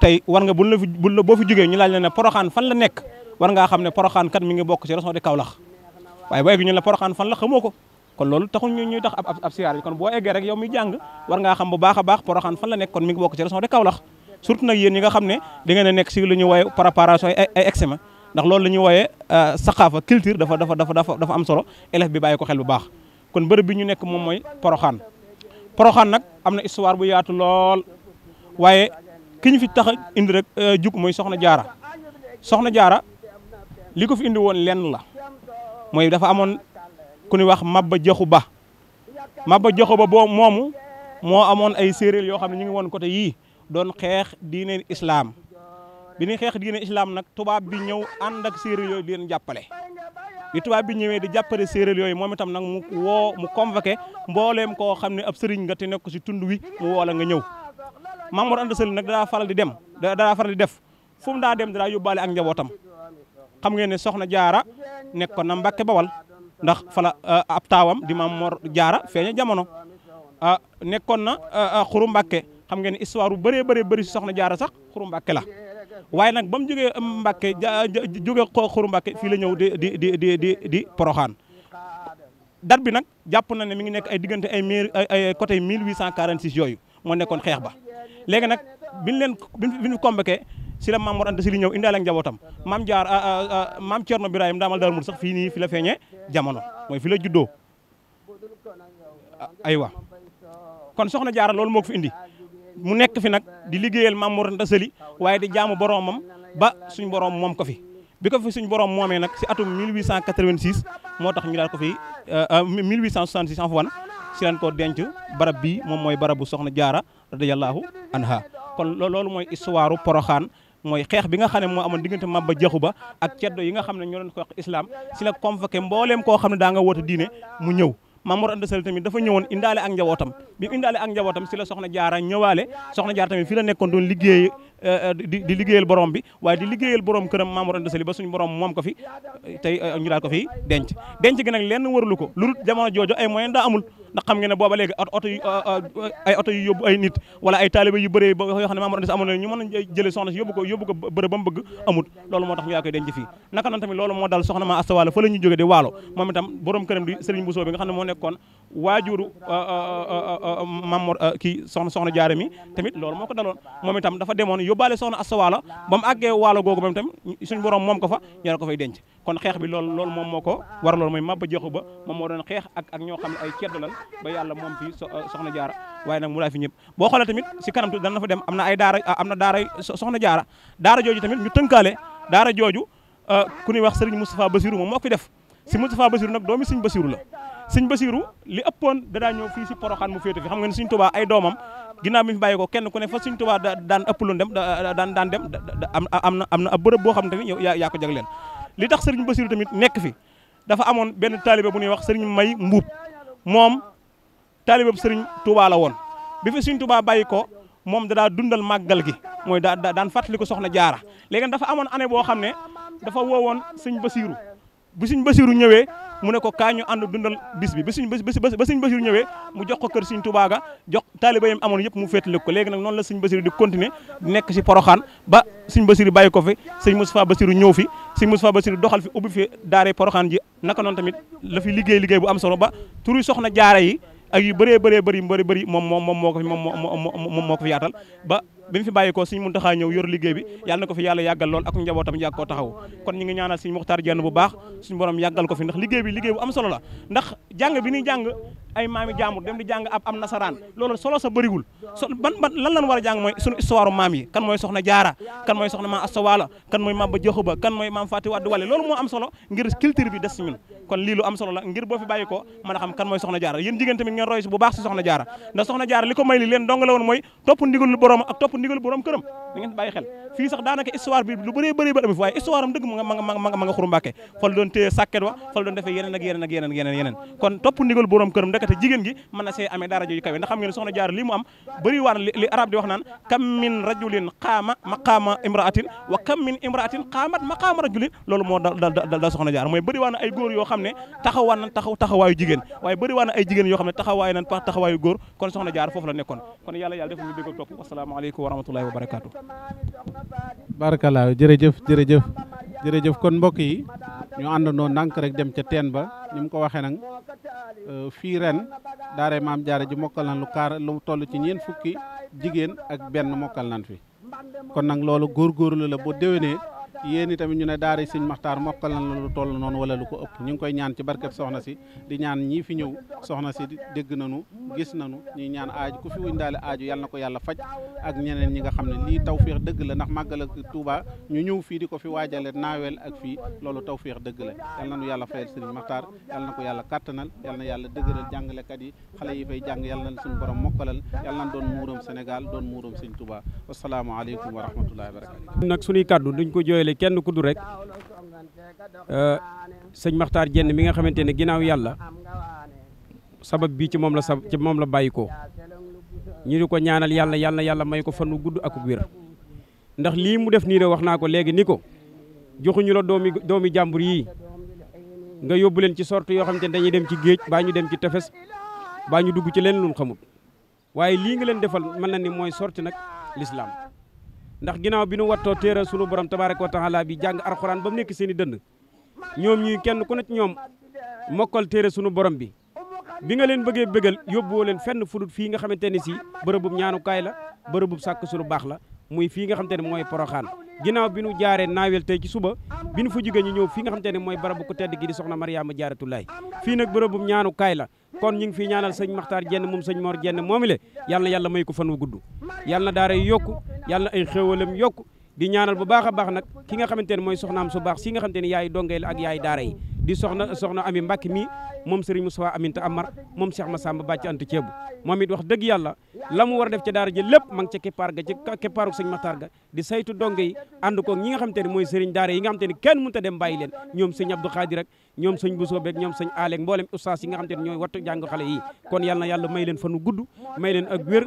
Speaker 8: tey war nga bu la fi la boo fi jógee ñu laaj la ne poroxaan fan la nekk war ngaa xam ne poroxaan kat mi ngi bokk ci région de Kaolack waaye boo egg poroxaan fan la xamoo ko kon loolu taxul ñu ñuy tax ab ab kon boo eggee rek yow mi jàng war ngaa xam bu baax a baax poroxaan fan la nekk mi ngi bokk ci région de Kaolack surtout nag yéen ñi nga xam ne da ngeen a nekk si lu ñuy wooye préparation ay examen ndax loolu la ñuy wooye euh, saqaafa culture dafa dafa dafa dafa am solo élève bi bàyyi ko xel bu baax kon bërëb bi ñu nekk moom mooy Poroxaan Poroxaan nag am na histoire bu yaatu lool waaye ki fi tax a indi rek euh, jug mooy Soxna Jaara Soxna Jaara li ko fi indi woon leen la mooy dafa amoon ku ñuy wax Mabba Jaxu Ba Mabba Jaxu Ba boo moomu moo amoon ay séeréer yoo xam ne ñu woon côté yii doon xeex diine islaam bi ñuy xeex diine islaam nag tubaab bi ñëw ànd ak séeréer yooyu di jàppale bi tubaab bi ñëwee di jàppale séeréer yooyu moom itam nag mu woo mu convoqué mbooleem koo xam ne ab sëriñ nga te nekk si tund wi mu woo la nga ñëw Mamour Anta Sali nag daa faral di dem daa faral di def fu daa dem daa yóbbaale ak njabootam xam ngeen ne soxna jaara nekkoon na ba Bawal ndax fala uh, ab taawam di maam Mor jaara feeña jamono ah nekkoon na uh, xuru Mbàkke xam ngeen ne histoire bu bëree bëree bëri si soxna jaara sax xuru Mbàkke la waaye nag ba mu jógee Mbacke jóge xuru Mbacke fii la ñëw di di di di di di Poroxaan date bi nag jàpp na ne mi ngi nekk ay diggante ay mille ay côté 1846 yooyu moo nekkoon xeex ba léegi nag biñ leen biñ convoqué si la maam Mor Anta si li ñëw indaale ak njabootam maam Jaar ah, ah, ah, maam Thierno Birahim daamal daal Mour sax fii nii fi la feeñee jamono mooy fi la juddoo aywa kon soxna Jaara loolu moo ko fi indi mu nekk fi nag di liggéeyal Maam Mor Anta Sali waaye di jaamu boromam ba suñ borom moom ko fi. bi ko fi suñ borom moomee nag si atum 1886 moo tax ñu daal ko fi 1866 euh, euh, en fait si lañ koo denc barab bii moom mooy barabu soxna jaara radiyallahu anha kon loolu mooy histoire poroxaan mooy xeex bi nga xam ne moo amoon diggante Maba Jaxu Ba ak ceddo yi nga xam ne ñoo doon ko wax islam si la convoqué mbooleem koo xam ne daa nga woote diine mu ñëw Mamour Anta Sall tamit dafa ñëwoon indaale ak njabootam bi mu indaale ak njabootam si la soxna jaara ñëwaale soxna jaara tamit fi la nekkoon doon liggéey Eh, eh, di di liggéeyal borom bi waaye di liggéeyal borom këram Maam Mor Anta Sali borom moom ko fi eh, tey ñu daal ko fi denc denc gi nag lenn warulu ko lu dul jamono jooju ay moyen daa amul ndax xam ngeen ne booba léegi oto yu ay oto yu yóbbu ay nit wala ay taaliba yu bëree ba yoo xam ne Maam Mor Anta Sali amoon ñu mën a jële soxna si yóbbu ko yóbbu ko bërëb ba bëgg amut loolu moo tax ñu yaa koy denc fii naka noonu tamit loolu moo dal soxna ma Asta Waalo fa la jóge di waalo moom itam borom këram di Sëriñ Bousso bi nga waajuru euh, euh, euh, Mamor kii soxna soxna jaare mi tamit loolu moo ko daloon moom itam dafa demoon yóbbaale soxna Asta Waalo ba mu waalo googu moom itam suñu borom moom ko fa ñoo ko fay denc kon xeex bi loolu loolu moom moo ko war loolu mooy Maba Jaxu Ba moo doon xeex ak ak ñoo xam ne ay ceddo lan ba yàlla moom fii soxna jaara waaye nag mu laa fi ñëpp boo xoolee tamit si kanam tuuti dana fa dem am na ay daara am na daara soxna jaara daara jooju tamit mu tënkaale daara jooju ku ñuy wax Serigne Moustapha Bassirou moom moo ko fi def si Moustapha Bassirou nag doomi Serigne Bassirou la sëñ Basiiru li ëppoon da daa ñëw fii si Poroxaan mu féete fi xam nga ne sëñ Tuubaa ay doomam ginnaaw bi mu bàyyi ko kenn ku ne fa sëñ Tuubaa daan ëpp lu dem daan daan dem am na am na ab bërëb boo xam ne yow yaa ko jagleen li tax sëriñ Basiiru tamit nekk fi dafa amoon benn taalibe bu ñuy wax sëriñ May Mbuub moom taalibe bu sëriñ Tuubaa la woon bi fi sëriñ Tuubaa bàyyi ko moom da daa dundal màggal gi mooy daa daan fàttali ko soxna jaara léegi dafa amoon année boo xam ne dafa woowoon sëñ Basiiru bu sëñ Basiiru ñëwee mu ne ko kaañu ñu ànd dundal bis bi ba suñ ba suñ Basiru ñëwee mu jox ko kër suñ Tuubaa ga jox taaliba yam amoon yëpp mu féetale ko léegi nag noonu la suñ Basiru di continuer nekk si Poroxaan ba suñ Basiru bàyyi ko fi suñ Moustapha Basiru ñëw fi suñ Moustapha Basiru doxal fi ubbi fi daaree Poroxaan ji naka noonu tamit la fi liggéey liggéey bu am solo ba turu soxna jaara yi ak yu bëree bëree bëri bëri bëri moom moom moom moo ko fi moom moo ko fi yaatal ba bi mu fi bàyyi ko suñ Muntaxa ñëw yor liggéey bi yàlla na ko fi yàlla yàggal lool ak njabootam yàgg koo taxaw kon ñi ngi ñaanal suñ Muxtaar Jenn bu baax suñ borom yàggal ko fi ndax liggéey bi liggéey bu am solo la ndax jàng bi ni jàng ay maami jaamur dem di jàng ab am nasaraan loolu solo sa bëriwul so ban ban lan lan war a jàng mooy suñu histoire maam yi kan mooy soxna jaara kan mooy soxna maam astawaala kan mooy maam ba joxu ba kan mooy maam fàtti waddu wale loolu moo am solo ngir culture bi des si ñun kon lii lu am solo la ngir boo fi bàyyi ko mën a xam kan mooy soxna jaara yéen jigéen tamit ngeen roy si bu baax si soxna jaara ndax soxna jaara li ko may li leen dong la woon mooy topp ndigalu borom ak topp ndigal borom këram xel fii sax daanaka histoire bi lu bëree ba amu fi waaye histoire am dëgg ma nga ma doon téye sàkket wa fa la doon defee yeneen ak yeneen ak yeneen yeneen yeneen kon topp ndigal borom këram ndekete jigéen gi mën na see amee dara kawe ndax ngeen soxna jaar li am bëri waan li di wax kam min rajulin qaama maqaama imraatin rajulin loolu moo da soxna jaar mooy bëri waan ay góor yoo xam ne taxawaan nan taxaw waaye bëri wa rahmatullahi wa barakaatu.
Speaker 3: barakallah jërëjëf jërëjëf
Speaker 8: jërëjëf kon mbokk yi ñu àndandoo nank rek dem ca
Speaker 3: teen ba ni mu ko waxee nag euh, fii ren daare maam jaare ji mokkal nan lu kaar lu toll ci ñeent fukki jigéen ak benn mokkal nan fi kon nag loolu góorgóorlu la boo déwénee yéen itamit ñu ne daara sëñ maxtaar mokkal na lu toll noonu wala lu ko ëpp ñu ngi koy ñaan ci barkeb soxna si di ñaan ñii fi ñëw soxna si dégg nañu gis na nu ñuy ñaan aaj ku fi wuñ daal aaju yal na ko yàlla faj ak ñeneen ñi nga xam ne lii tawféex dëgg la ndax màggal ak Touba ñu ñëw fii di ko fi waajale naaweel ak fii loolu tawféex dëgg la yal na nu yàlla fayal sëñ maxtaar yal na ko yàlla kattanal yal na yàlla dëgëral jàngalekat yi xale yi fay jàng yal na suñu borom mokkalal yal na doon muuram Sénégal doon muuram sëñ Touba wasalaamaaleykum wa rahmatullahi wa
Speaker 9: barakatu jëmale kenn ku du rek euh, sëñ Maxtaar Jenn mi nga xamante ne ginnaaw yàlla sabab bii ci moom la sab ci moom la bàyyi ko ñu di ko ñaanal yàlla yàlla yàlla may ko fan fanu gudd ak wér ndax lii mu def nii de wax naa ko léegi ni ko joxuñu la doomi doomi jàmbur yii nga yóbbu leen ci sorte yoo xamante ne dañuy dem ci géej baa ñu dem ci tefes baa ñu dugg ci leen lu xamut waaye lii nga leen defal mën na ni mooy sorti nag lislaam ndax ginnaaw bi nu wattoo téere sunu borom tabaraka wa taala bi jàng alxuraan ba nekk seen i dënn ñoom ñuy kenn ku ne ci ñoom mokkal téere sunu borom bi bi nga leen bëggee bëggal yóbbuwoo leen fenn fudut fii nga xamante ne si bërëbub ñaanukaay la bërëbub sàkk sunu baax la muy fii nga xamante ne mooy poroxaan ginnaaw bi nu jaaree naawel tey ci suba bi nu fa jógee ñëw fii nga xamante ne mooy barabu ku tedd gi di soxna Mariama Jaaratullaay fii nag bërëbub ñaanukaay la kon ñu ngi fiy ñaanal sëñ Maxtaar jenn moom sëñ Mor jenn moomi le yàlla na yàlla may ko fan wu gudd yàlla na daara yi yokku yàlla na ay xéewalam yokk di ñaanal bu baax a baax nag ki nga xamante ne mooy soxnaam su baax si nga xamante ne yaay dongee la ak yaay daara yi di soxna soxna ami Mbàkke mi moom Serigne Moustapha Aminta Amar moom Cheikh Massamba Bàcc Anta Ceebu moom it wax dëgg yàlla la war a def ca daara ji lépp ma ca keppaar sëñ Matar ga di saytu donge yi ànd ko ñi xam te mooy Serigne daara yi nga xam te kenn mënut a dem bàyyi leen ñoom sëñ Abdou Khadir rek ñoom sëñ Bousso beeg ñoom sëñ Aleeg mboolem ustaas yi nga xam te ñooy wattu jàng xale yi kon yàlla yàlla may leen fanu gudd may leen ak wér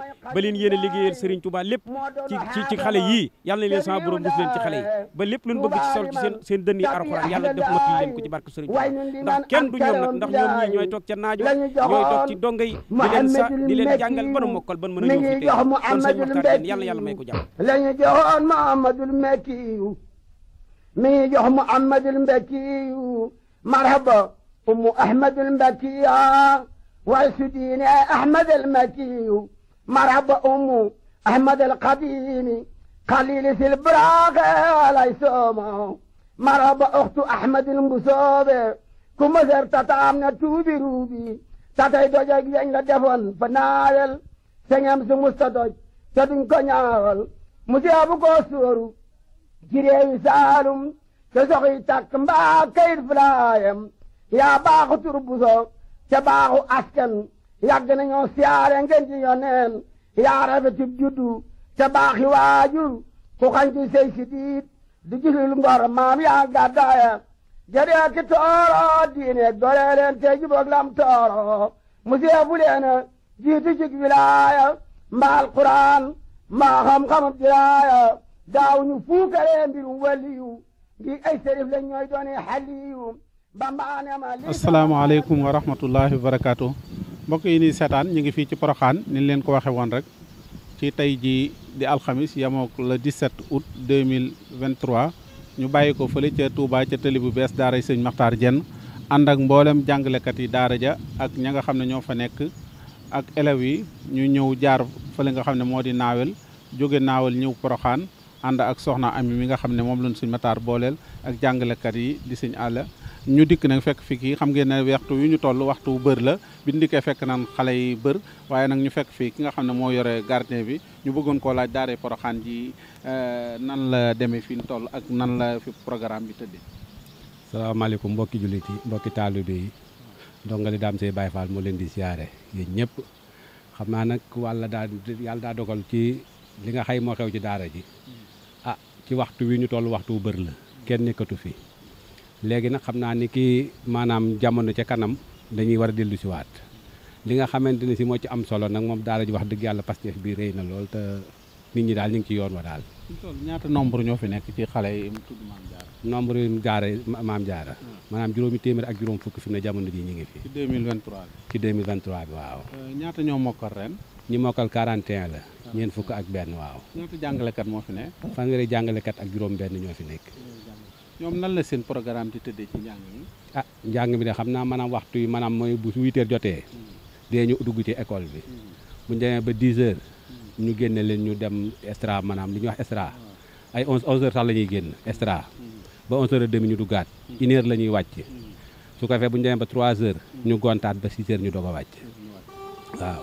Speaker 9: ba a sëriñ ndax kenn du ñoom nag ndax ñoom ñii ñooy toog ca naajo ñooy toog ci donga yi di leen sa di leen jàngal banu mokkal ban mën a ñëw fi tey kon sëñ waxtaan yàlla yàlla may ko jàmm la ñu joxoon
Speaker 2: Muhammadul Mekkiyu mi ngi jox Muhammadul Mekkiyu marhaba umu Ahmadul Mekkiya wal su diine Ahmadul Mekkiyu marhaba umu Ahmadul Qadimi xalili sil braaxe lay soomo maraba oxtu ahmadil mbusoobe ku mësër tataam na tuubi ruubi tatay dojag yañ la defoon fa naawel seŋem su musta doj te duñ ko ñaawal musiya bu koo sóoru ci saalum te soxi takk mbaa kayit fulaayam yaa baaxu tur te baaxu askan yàgg nañoo siyaare ngeen ci yoneen yaa rafetub juddu te baaxi waajur ku xañ ci sey si di jihlil ngor maam yaa gàddaaya jadee ki tooro diine goree leen te juboog lam tooro musee bu leena jiiti jig wilaaya mbaal quraan maa xam-xamub diraaya daaw ñu fuukaree mbirum waliyu ngi ay sërif la ñooy doone xaliyu asalaamaaleykum
Speaker 3: wa rahmatullahi wa barakaatu mbokk yi ni seetaan ñu ngi fii ci Poroxaan ni leen ko waxe woon rek ci tey jii di alxamis yemook le 17 août 2023 ñu bàyyi ko fële ca Touba ca tëli bu bees daara sëñ Maxtaar Jenn ànd ak mboolem jàngalekat yi daara ja ak ña nga xam ne ñoo fa nekk ak élèves yi ñu ñëw jaar fële nga xam ne moo di naawel jóge naawel ñëw Poroxaan ànd ak soxna Ami mi nga xam ne moom lañ suñ Maxtaar booleel ak jàngalekat yi di sëñ àll ñu dikk nag fekk fi kii xam ngeen ne waxtu yu ñu toll waxtu bër la biñ dikkee fekk naan xale yi bër waaye nag ñu fekk fii ki nga xam ne moo yore gardien bi ñu bëggoon koo laaj daaree poroxaan ji euh, nan la demee fi ñu toll ak nan la fi programme bi tëdde
Speaker 4: salaamaaleykum mbokki jullit yi mbokki taalibe yi ndongali daam see Baye Fall moo leen di siyaare yéen ñëpp xam naa nag wàlla daa yàlla daa dogal ci li nga xay moo xew ci daara ji hmm. ah ci waxtu wi ñu toll waxtu bër la kenn nekkatu fi. léegi nag xam naa ni kii maanaam jamono ca kanam dañuy war a dellu si waat li nga xamante ni si moo ci am solo nag moom daal di wax dëgg yàlla Pastef bi rëy na lool te nit ñi daal ñu ngi ci yoon wa daal. ñaata nombre ñoo fi nekk ci xale yi mu tudd maam jaara. nombre yu jaara maam jaara. maanaam juróomi téeméer ak juróom fukk fi ne jamono ji ñu ngi fi. ci 2023 bi. ci 2023 bi waaw. Euh, ñaata ñoo mokkal ren. ñi mokkal 41 la. ñeent fukk ak benn waaw. ñaata jàngalekat moo fi ne. fanweeri jàngalekat ak juróom-benn ñoo fi nekk.
Speaker 3: ñoom nan la seen programme di tëddee ci njàng mi.
Speaker 4: ah njàng mi de xam naa manaam waxtu yi maanaam mooy bu huit heures jotee. Hmm. dee ñu dugg ci école bi. Hmm. bu ñu ba dix heures. Hmm. ñu génne leen ñu dem extra maanaam li ñuy wax extra. ay onze onze sax la ñuy génn extra. ba onze heures et demie ñu duggaat. une heure la ñuy wàcc. su ko defee bu ñu demee
Speaker 3: ba trois heures. ñu gontaat ba six heures ñu doog a
Speaker 4: wàcc. waaw.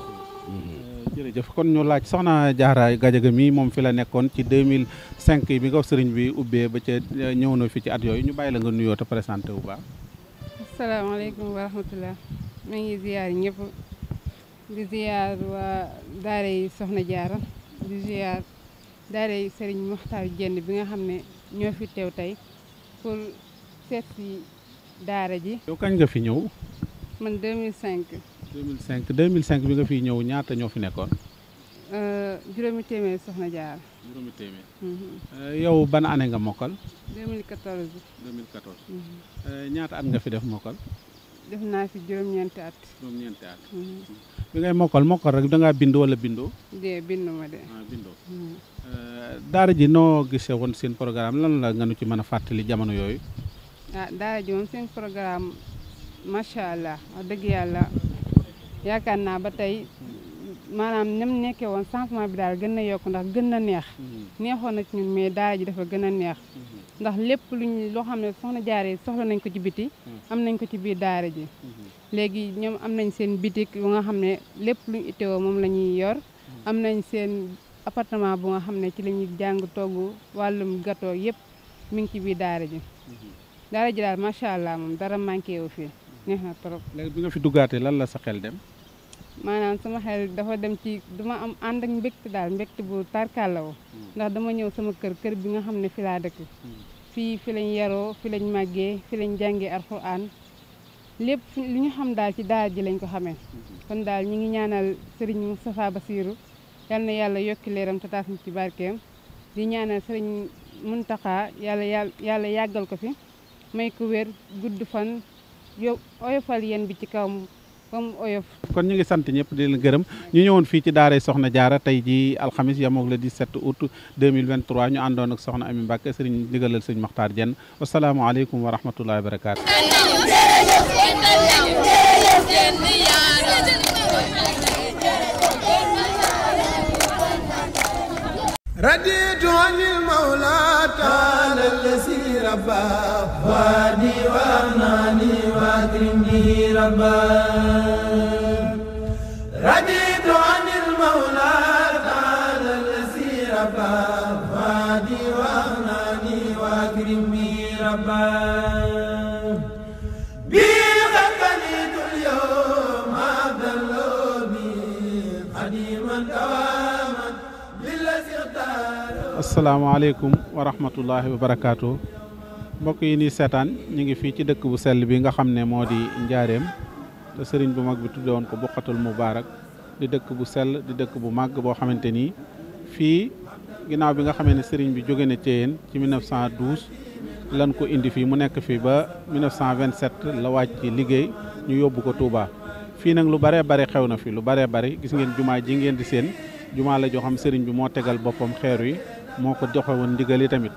Speaker 3: jërëjëf kon ñu laaj soxna Diarra Gadiaga mi moom fi la nekkoon ci 2005 bi nga sëriñ bi ubbee ba euh, ñëw na fi ci at yooyu ñu bàyyi la nga nuyoo wu baax.
Speaker 10: asalaamaaleykum wa ngi ziyaar ñëpp di ziyaar waa daara yi soxna Diarra di ziyaar bi nga xam ne ñoo fi teew tey pour seet si daara ji. yow kañ nga fi ñëw. man 2005.
Speaker 3: 2005 2005 bi nga fiy ñëw ñaata ñoo fi nekkoon.
Speaker 10: Euh, juróomi téeméer soxna jaar. juróomi téeméer. Mhm.
Speaker 3: Euh, yow ban année nga mokkal.
Speaker 10: 2014. 2014. Mhm.
Speaker 3: Euh, ñaata am nga fi def mokkal.
Speaker 10: def naa fi juróom-ñeenti at. juróom-ñeenti at. Mhm.
Speaker 3: bi ngay mokkal mokkol rek da ngaa bind bindoo.
Speaker 10: dee bindu ma dee. ah bindoo.
Speaker 3: daara ji noo gisee woon seen programme lan la nga nu ci mën a fàttali jamono yooyu.
Speaker 10: Ah, daara ji moom seen programme macha allah wax dëgg yàlla. yaakaar naa ba tey maanaam nem nekkee woon changement bi daal gën na yokk ndax gën na neex mm-hmm. neexoon na ñun mais daara ji dafa gën a neex mm-hmm. ndax lépp luñ loo xam ne soxna jaaree soxla nañ ko ci biti mm-hmm. am nañ ko ci biir daara ji léegi ñoom am nañ seen bitik bu nga xam ne lépp luñ itteewoo moom la ñuy yor am nañ seen apartement bu nga xam ne ci lañuy ñuy jàng togg wàllum gâteau yëpp mi ngi ci biir daara ji daara ji daal macha allah moom dara manqué wu neex na trop
Speaker 3: léegi bi nga fi duggaatee lan la sa xel dem.
Speaker 10: maanaam sama xel dafa dem ci dama am ànd ak mbégte daal mbégte bu tarkalla wo hmm. ndax dama ñëw sama kër kër bi nga xam ne fi laa dëkk. Hmm. fii fi lañ yaroo fi lañ màggee fi lañ jàngee alxuraan lépp li ñu xam daal ci daal ji lañ ko xamee. Hmm. kon daal ñu ngi ñaanal sëriñ mu Bassirou yal na yàlla yokki leeram te taas ci barkeem di ñaanal Serigne Mountakha yàlla yàlla yàggal ko fi may ko wér gudd fan. yow oyofal yéen bi ci kaw comme oyof.
Speaker 3: kon ñu ngi sant ñëpp di leen gërëm ñu ñëwoon fii ci daaray Soxna Jaara tey jii alxamis yamoog le 17 août 2023 ñu àndoon ak Soxna Amy Mbacke sëriñ ndigalal sëriñ Maxtaar Jenn wasalaamualeykum wa rahmatullahi wa barakaatu.
Speaker 7: رضيت ربا وادي وارناني واكرمني ربا رديت عن المولى تعالى الذي ربا وادي وارناني واكرمني ربا بغفلت اليوم عبد اللومي قديما دواما بالذي اختار
Speaker 3: asalaamaaleykum wa rahmatullahi wa barakaatu mbokk yi nii seetaan ñu ngi fii ci dëkk bu sell bi nga xam ne moo di njaareem te sëriñ bu mag bi tudde woon ko Buqatul Mubaarak di dëkk bu sell di dëkk bu màgg boo xamante ni fii ginnaaw bi nga xamee ne sëriñ bi jóge na Thiéyène ci 1912 lan ko indi fii mu nekk fii ba 1927 la wàcc ci liggéey ñu yóbbu ko Touba. fii nag lu baree bari xew na fi lu baree bari gis ngeen jumaa ji ngeen di seen jumaa la joo xam sëriñ bi moo tegal boppam xeer wi moo ko joxe woon ndigal yi tamit.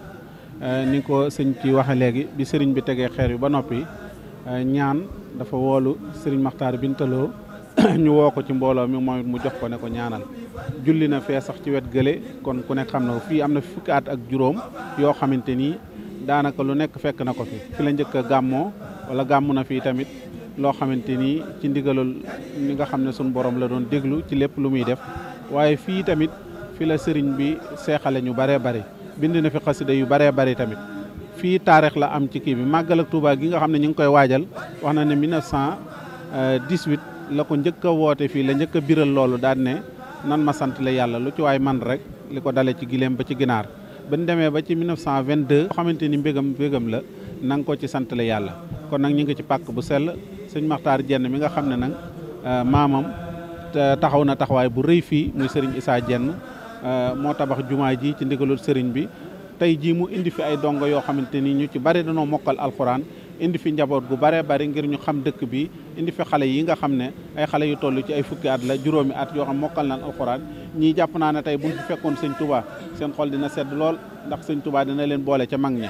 Speaker 3: Eh, ni ko sëñ ci waxe léegi bi sëriñ bi tegee xeer yi ba noppi eh, ñaan dafa woolu sëriñ Maxtaar Bintaloo [COUGHS] ñu woo ko ci mbooloo mi mooy mu jox ko ne ko ñaanal julli na fee sax ci wet gële kon ku nekk xam na fii am na fi at ak juróom yoo xamante nii daanaka lu nekk fekk na ko fi fi la njëkk a gàmmoo wala gàmm na fii tamit loo xamante nii ci ndigalul ñi nga xam ne suñu borom la doon déglu ci lépp lu muy def waaye fii tamit fi la sëriñ bi seexale ñu bare bare bind na fi xasida yu baree bari tamit fii taarix la am ci kii bi màggal ak Touba gi nga xam ne ñu ngi koy waajal wax na ne 1918 euh, la ko njëkk a woote fii la njëkk a biral loolu daan ne nan ma sant la yàlla lu ci waay man rek li ko dale ci gileem ba ci ginaar ba ñu demee ba ci 1922. boo xamante ni mbégam mbégam la na nga ko ci sant yàlla kon nag ñu nga ci pàkk bu sel sëñ Maxtaar Jenn mi nga xam ne nag euh, maamam taxaw na taxawaay bu rëy fii muy sëriñ Isaa Jenn Euh, moo tabax jumaa ji ci ndigalul sëriñ bi tey jii mu indi fi ay dongo yoo xamante ni ñu ci bari danoo mokkal alxuraan indi fi njaboot gu baree bari ngir ñu xam dëkk bi indi fi xale yi nga xam ne ay xale yu toll ci ay fukki at la juróomi at yoo xam mokkal naan alxuraan ñii jàpp naa ne tey buñ fi fekkoon sëñ Touba seen xol dina sedd lool ndax sëñ Touba dina leen boole ca mag ña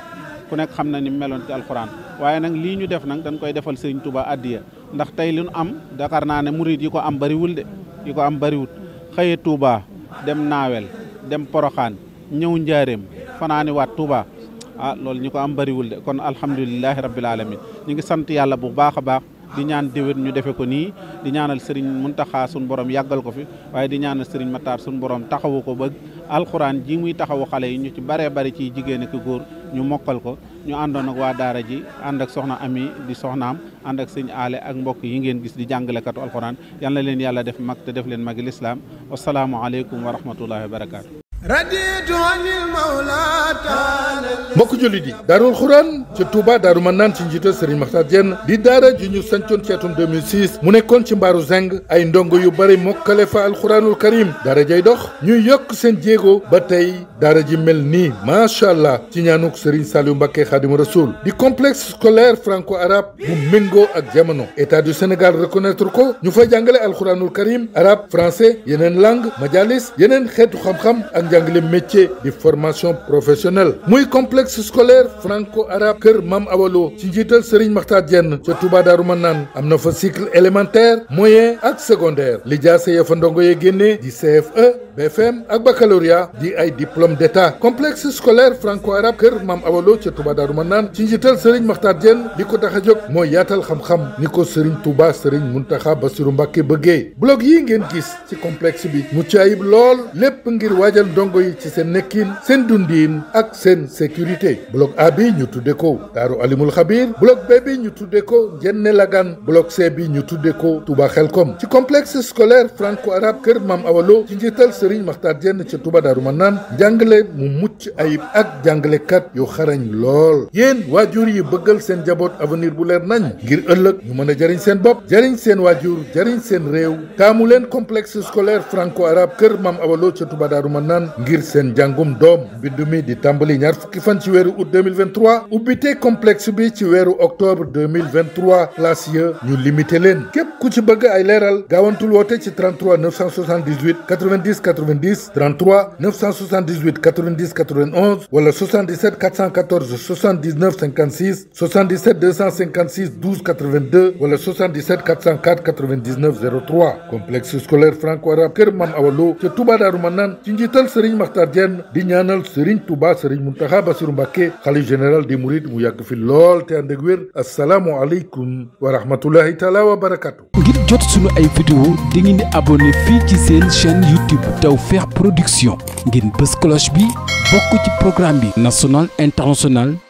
Speaker 3: ku nekk xam na ni meloon ti alxuraan waaye nag lii ñu def nag dañ koy defal sëñ Touba addiya ndax tey li am dakar naa ne murid yi ko am bariwul de yi ko am bariwul xëye Touba dem naawel dem poroxaan ñëw njaareem fanaani waat Touba a ah, loolu ñu ko am bariwul de kon alhamdulilahi rabbil alamin ñu ngi sant yàlla bu baax a baax di ñaan déwén ñu defe ko nii di ñaanal sëriñ Muntaxa suñ borom yàggal ko fi waaye di ñaanal sëriñ Matar suñ borom taxawu ko ba alxuraan ji muy taxawu xale yi ñu ci baree bari ciy jigéen ak góor ñu mokkal ko ñu àndoon waa daara ji ànd ak soxna ami di soxnaam ànd ak sëñ aale ak mbokk yi ngeen gis di jàngalekatu alxuraan yal leen yàlla def mag te def leen magi lislaam wasalaamu
Speaker 1: aleykum wa rahmatullahi wa barakaatu mbokk jullit yi daarul xuraan ca Touba daaru mën naan ci njiital Serigne Makhtar Diène di daara ju ñu sancoon ci atum 2006 mu nekkoon ci mbaaru zeng ay ndongo yu bëri mokkale fa alxuraanul karim daara jay dox ñuy yokk seen jéego ba tey daara ji mel nii macha allah ci ñaanuk Serigne Saliou Mbacké Khadimu Rasoul di complexe scolaire franco arabe bu méngoo ak jamono état du Sénégal reconnaître ko ñu fay jàngale alxuraanul karim arabe français yeneen langue majalis yeneen xeetu xam ak jàngale métier di formation professionnelle muy complexe scolaire franco arabe kër Mam Awalo ci njiital Serigne Makhtar Diène ca Touba Darou Manane am na fa cycle élémentaire moyen ak secondaire li jaase ya fa ndongo ya génnee di CFE BFM ak baccalauréat di ay diplôme d'état complexe scolaire franco-arabe kër maam Awalo ca Touba Darou naan ci njiital Serigne Makhtar Diène li ko tax a jóg mooy yaatal xam-xam ni ko Serigne Touba Serigne Mountakha Bassirou Mbacké bëggee blog yi ngeen gis ci complexe bi mucc ayib lool lépp ngir waajal ndongo yi ci seen nekkin seen dundiin ak seen sécurité blog A bi ñu tudde ko Daaru Alimul Xabir blog B ñu tudde ko Njenne Lagan blog C bi ñu tudde ko Touba Xelkom ci complexe scolaire franco-arabe kër maam Awalo ci njiital Serigne Makhtar jenn ca Touba Daaru Manaan jàngale mu mucc ayib ak jàngalekat yu xarañ lool yéen waajur yi bëggal seen jaboot avenir bu leer nañ ngir ëllëg ñu mën a jariñ seen bopp jariñ seen waajur jariñ seen réew taamu leen complexe scolaire franco arabe kër Maam Awa Lo ca Touba Daaru Manaan ngir seen jàngum doom mbind mi di tàmbali ñaar fukki fan ci weeru août 2023 ubbite complexe bi ci weeru octobre 2023 place ya ñu limité leen képp ku ci bëgg ay leeral gaawantul woote ci 33 978 90 490 33 978 90 91 wala 77 414 79 56 77 256 12 82 wala 77 404 99 03 complexe scolaire franco-arabe Kër Mam Awalo ca Touba Darou Manane ci njiital Serigne Makhtar Diène di ñaanal Serigne Touba Serigne Mountakha Bassirou Mbacké xalif général des Mourides mu yàgg fi lool te ànd ak wér asalaamualeykum wa rahmatulahi wa barakatu.
Speaker 4: ngir jot sunu ay vidéo di ngeen di fii ci seen chaîne YouTube. Tawfekh Production ngeen bés cloche bi bokk ci programme bi national international